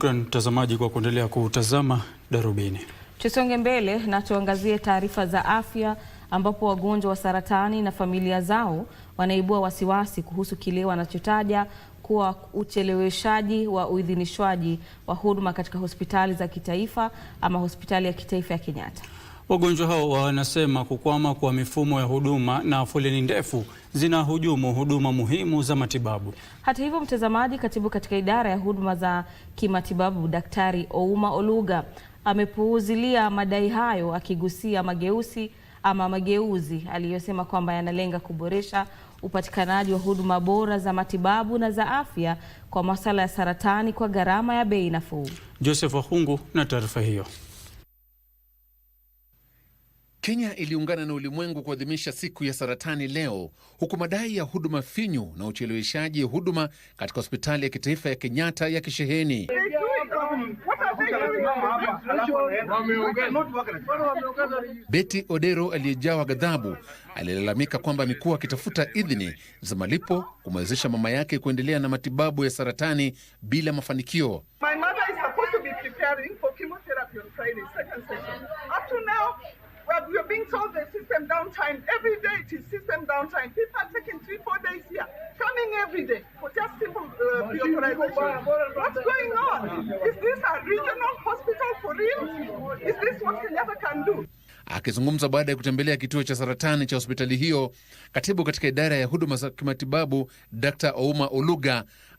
Shukran mtazamaji kwa kuendelea kutazama Darubini. Tusonge mbele na tuangazie taarifa za afya ambapo wagonjwa wa saratani na familia zao wanaibua wasiwasi kuhusu kile wanachotaja kuwa ucheleweshaji wa uidhinishwaji wa huduma katika hospitali za kitaifa ama hospitali ya kitaifa ya Kenyatta. Wagonjwa hao wanasema kukwama kwa mifumo ya huduma na foleni ndefu zinahujumu huduma muhimu za matibabu. Hata hivyo, mtazamaji, katibu katika idara ya huduma za kimatibabu Daktari Ouma Oluga amepuuzilia madai hayo akigusia mageusi ama mageuzi aliyosema kwamba yanalenga kuboresha upatikanaji wa huduma bora za matibabu na za afya kwa masuala ya saratani kwa gharama ya bei nafuu. Joseph Wahungu na taarifa hiyo. Kenya iliungana na ulimwengu kuadhimisha siku ya saratani leo, huku madai ya huduma finyu na ucheleweshaji huduma katika hospitali ya kitaifa ya Kenyatta ya kisheheni. Betty Odero aliyejawa ghadhabu alilalamika kwamba amekuwa akitafuta idhini za malipo kumwezesha mama yake kuendelea na matibabu ya saratani bila mafanikio. My every day for just simple uh, bureaucratization. What's going on? Is this a regional hospital for real? Is this what Kenyatta can do? Akizungumza baada ya kutembelea kituo cha saratani cha hospitali hiyo, katibu katika idara ya huduma za kimatibabu Dr. Ouma Oluga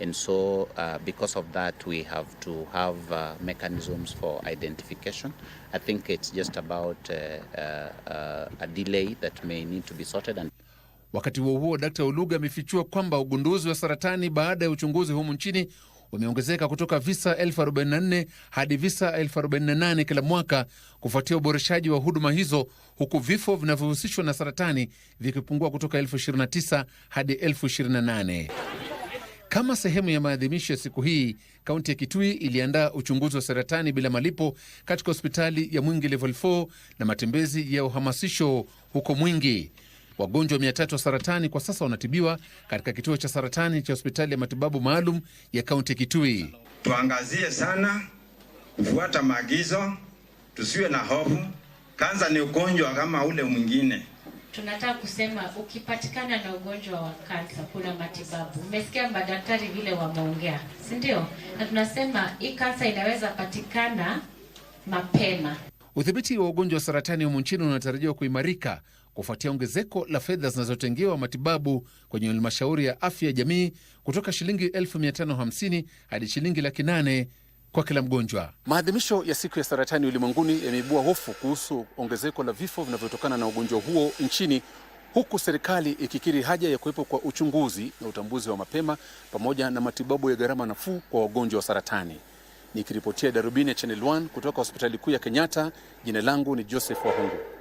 And so uh, because of that, we have to have uh, mechanisms for identification. I think it's just about uh, uh, uh a delay that may need to be sorted and... Wakati huo huo, dr uluga amefichua kwamba ugunduzi wa saratani baada ya uchunguzi humu nchini umeongezeka kutoka visa 1044 hadi visa 1048 kila mwaka kufuatia uboreshaji wa huduma hizo, huku vifo vinavyohusishwa na saratani vikipungua kutoka 1029 hadi 1028. Kama sehemu ya maadhimisho ya siku hii, kaunti ya Kitui iliandaa uchunguzi wa saratani bila malipo katika hospitali ya Mwingi level 4 na matembezi ya uhamasisho huko Mwingi. Wagonjwa mia tatu wa saratani kwa sasa wanatibiwa katika kituo cha saratani cha hospitali ya matibabu maalum ya kaunti ya Kitui. Tuangazie sana kufuata maagizo, tusiwe na hofu. Kansa ni ugonjwa kama ule mwingine tunataka kusema ukipatikana na ugonjwa wa kansa kuna matibabu. Umesikia madaktari vile wameongea, si ndio? Na tunasema hii kansa inaweza patikana mapema. Udhibiti wa ugonjwa wa saratani humu nchini unatarajiwa kuimarika kufuatia ongezeko la fedha zinazotengewa matibabu kwenye halmashauri ya afya ya jamii kutoka shilingi 550 hadi shilingi laki 8 kwa kila mgonjwa. Maadhimisho ya siku ya saratani ulimwenguni yameibua hofu kuhusu ongezeko la vifo vinavyotokana na ugonjwa huo nchini huku serikali ikikiri haja ya kuwepo kwa uchunguzi na utambuzi wa mapema pamoja na matibabu ya gharama nafuu kwa wagonjwa wa saratani. Nikiripotia darubini ya Channel 1 kutoka hospitali kuu ya Kenyatta, jina langu ni Joseph Wahungu.